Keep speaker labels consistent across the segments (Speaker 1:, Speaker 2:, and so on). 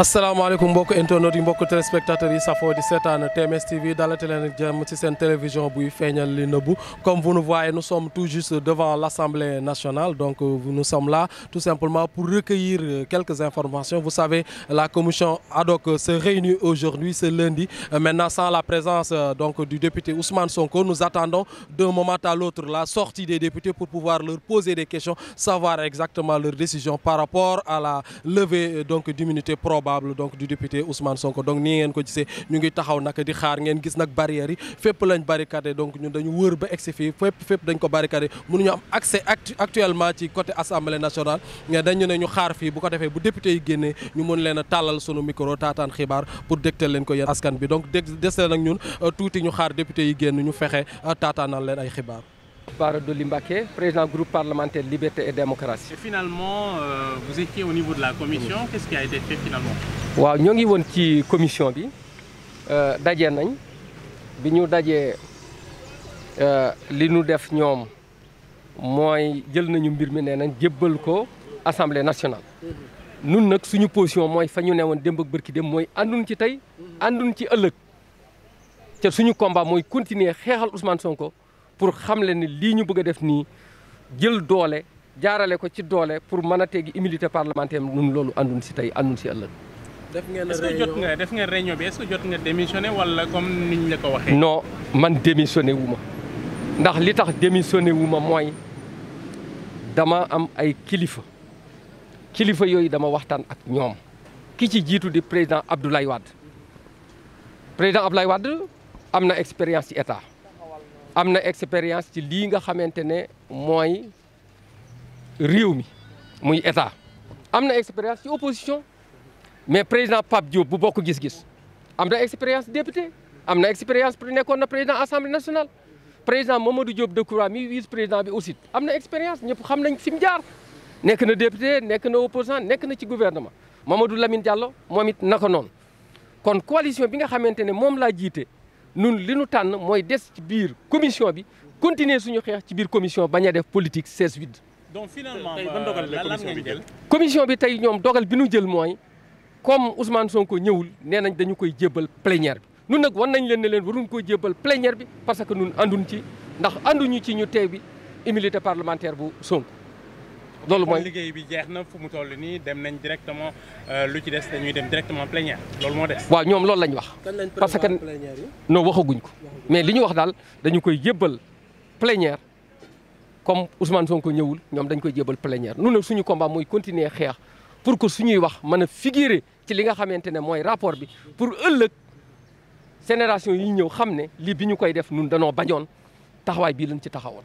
Speaker 1: asalaamaaleykum mbokk internautes yi mbokk téléspectateurs yi safoo di seetaan TMS TV dalate leen seen télévision buy feeñal li nëbbu comme vous nous voyez nous sommes tout juste devant l'Assemblée nationale donc euh, nous sommes là tout simplement pour recueillir euh, quelques informations vous savez la commission ad hoc euh, se réunit aujourd'hui ce lundi maintenant sans la présence donc du député Ousmane Sonko nous attendons d'un moment à l'autre la sortie des députés pour pouvoir leur poser des questions savoir décision par rapport à la levée probable donc du député Ousmane Sonko donc nii ngeen ko gisee ñu ngi taxaw nag di xaar ngeen gis nag barrières yi fépp lañ barricadé donc ñun dañu wër ba egsi fii fépp fépp dañ ko barricadé mënuñu am accès actuellement ci côté assemblée nationale mais dañu ne ñu xaar fii bu ko defee bu député yi génnee ñu mën leen a tàllal sunu micro taataan xibaar pour dégtal leen ko yéen askan bi donc dégg des nag ñun tuuti ñu xaar député yi génn ñu fexe taataanal leen ay xibaar Bara Dolly Mbacké, président
Speaker 2: du groupe parlementaire Liberté et Démocratie. Et finalement, euh, la commission, oui. qu'est-ce waaw ñoo ngi woon ci commission bi euh, daje nañ bi ñu dajee euh, li ñu def ñoom mooy jël nañu mbir mi nee nañ jébbal ko assemblée nationale nun nag suñu position mooy fa ñu ne woon démb bërki dem mooy àndun ci tey àndun ci ëllëg te suñu combat mooy continuer xeexal Ousmane Sonko pour xam le ne lii ñu bëgg a def nii jël doole jaarale ko ci doole pour mën a teggi immunité parlementaire nun loolu àndun si tey àndun si ëllëg.
Speaker 1: def ngeen jot def ngeen réunion bi est-ce que jot nga démissionné wala comme niñ la
Speaker 2: ko waxee. non man démissionné wu ma ndax li tax démissionné wu ma mooy dama am ay kilifa kilifa yooyu dama waxtaan ak ñoom ki ci jiitu di président Abdoulaye Wade président Abdoulaye Wade am na expérience ci état. am na expérience ci lii nga xamante ne mooy réew mi muy état am na expérience ci opposition mais président Pape Diop bu bokk gis-gis am na expérience député am na expérience nekkoon na président assemblée nationale président Mamadou Diop Decroix mi vice président bi aussi am na expérience ñëpp xam nañ fi mu jaar nekk na député nekk na opposant nekk na ci gouvernement Mamadou Lamine Diallo moom it naka noonu kon coalition bi nga xamante ne moom laa jiite. nun li nu tànn mooy des ci biir commission bi continuer suñu xeex ci biir commission bañ a def politique seize huit.
Speaker 1: donc finalement
Speaker 2: ban bi tey ñoom dogal bi nu jël mooy comme Ousmane Sonko ñëwul nee nañ dañu koy jébbal plénière bi. nun nag wan nañ leen ne leen waruñ koo jébbal plénière bi parce que nun àndun ci ndax ànduñu ci ñu teew bi immunité parlementaire bu Sonko. loolu mooy liggéey
Speaker 1: bi jeex na fu mu toll nii dem nañ directement euh, lu ci des dañuy dem directement plénière moo des. waaw
Speaker 2: ñoom loolu lañ wax. parce que noo waxaguñ ko. mais li ñu wax daal dañu koy jébbal plénière comme Ousmane ko ñëwul ñoom dañ koy jébbal plénière nu ne suñu combat mooy continuer xeex pour que suñuy wax mën a figurer ci li nga xamante ne mooy rapport bi pour ëllëg génération yi ñëw xam ne lii bi ñu koy def nun danoo bañoon taxawaay bii lañ ci taxawoon.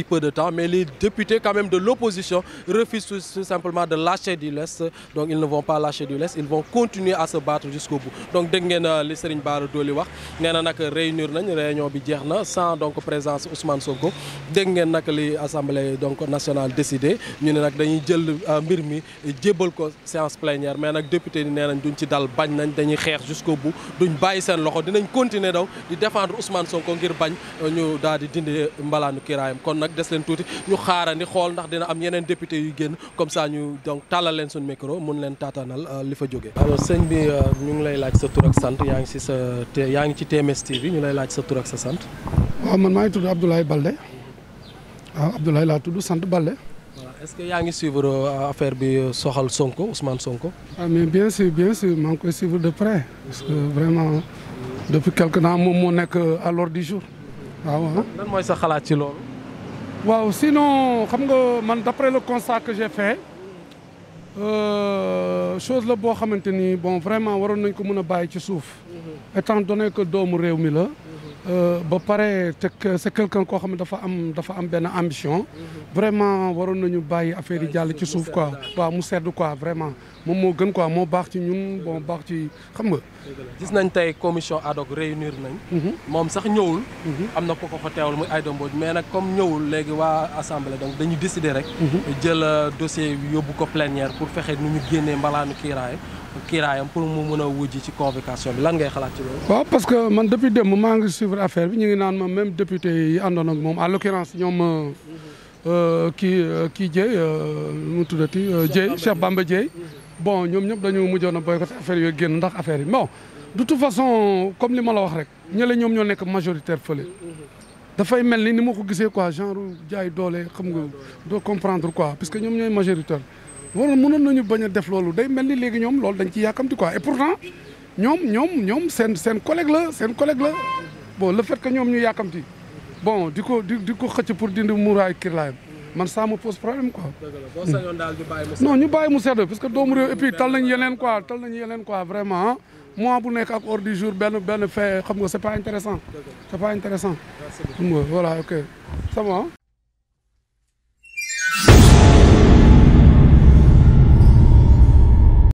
Speaker 1: si peu de temps. Mais les députés quand même de l'opposition refusent tout, tout simplement de lâcher du lest. Donc ils ne vont pas lâcher du lest, ils vont continuer à se battre jusqu'au bout. Donc dégg ngeen euh, li Serigne Bara Dolly wax nee na nag réunir nañ réunion bi jeex na sans donc présence Ousmane Sonko dégg ngeen nag li assemblée donc nationale décidé ñu ne nag dañuy jël euh, mbir mi jébbal ko séance plénière mais nag député yi nee nañ duñ ci dal bañ nañ dañuy xeex jusqu'au bout duñ bàyyi seen loxo dinañ continuer daw di défendre Ousmane Sonko ngir bañ euh, ñu daal di dindi mbalaanu kiraayam nag des leen tuuti ñu xaarandi xool ndax dina am yeneen député yu génn comme ça ñu donc tàllal leen suñu micro mun leen taataanal euh, li fa jógee. alors sëñ bi euh, ñu lay laaj sa tur ak sant yaa ngi si ngi ci TMS TV ñu lay laaj
Speaker 3: sa tur sa sant. waaw man maa ngi tudd Abdoulaye Balde waaw Abdoulaye laa tudd sant Balde.
Speaker 1: est yaa ngi suivre euh, affaire bi soxal Sonko Ousmane Sonko.
Speaker 3: ah mais bien sûr bien sûr maa ngi koy suivre de près parce que vraiment depuis quelque temps moom moo nekk à l'ordre du waaw sinon xam nga man d'après le constat que j'ai fait euh, la boo xamante ni bon vraiment waroon nañ ko mën a bàyyi ci suuf mhm. étant donné que doomu réew mi la mhm. Euh, ba pare te c'est quelqu'un koo xam ne dafa am dafa am benn ambition mhm. vraiment waroon nañu bàyyi affaire yi jàll ci suuf quoi waaw mu sedd quoi vraiment moom moo gën quoi moo baax ci ñun bon baax ci xam nga gis
Speaker 1: nañ tey commission ad réunir nañ mhm. moom sax ñëwul mhm. am na ko ko fa teewal muy Aïda Mbodj mais nag comme ñëwul léegi waa assemblée donc dañu décider rek jël euh, dossier yóbbu ko plénière pour fexe nu ñu génnee mbalaanu kiiraay kiiraayam pour mu mën a wujj ci convocation bi lan ngay xalaat ci loolu.
Speaker 3: waaw parce que man depuis démb maa ngi suivre affaire bi ñu ngi naan ma même député yi àndoon ak moom à l'occurrence ñoom kii euh, euh, kii euh, Dieye nu mu tuddati. Dieye Cheikh Bamba Dieye. Mm-hmm. bon ñoom ñëpp dañu mujjoon a boycotté affaire yooyu génn ndax affaire yi bon de toute façon comme li ma la wax rek. ñële ñoom ñoo nekk majoritaire fële. Mm-hmm. dafay mel ni ni ma ko gisee ko genre jaay doole xam nga doo comprendre quoi parce que ñoom ñooy majoritaire. waroon mënoon nañu bañ a def loolu day mel ni léegi ñoom loolu dañ ci yàkkamti quoi et pourtant ñoom ñoom ñoom seen seen collègue la seen collègue la boo le fait que ñoom ñu yàkkamti bon di ko di di ko xëcc pour dindi muuraay kirlaayam man ça pose problème quoi.
Speaker 1: dëgg la boo sañoon ñu bàyyi
Speaker 3: mu sedd. non parce que doomu réew et puis tal nañu yeneen quoi tal nañu yeleen quoi vraiment mois bu nekk ak ordre du jour benn benn fait xam nga c'est pas intéressant c'est pas intéressant. voilà ok c'est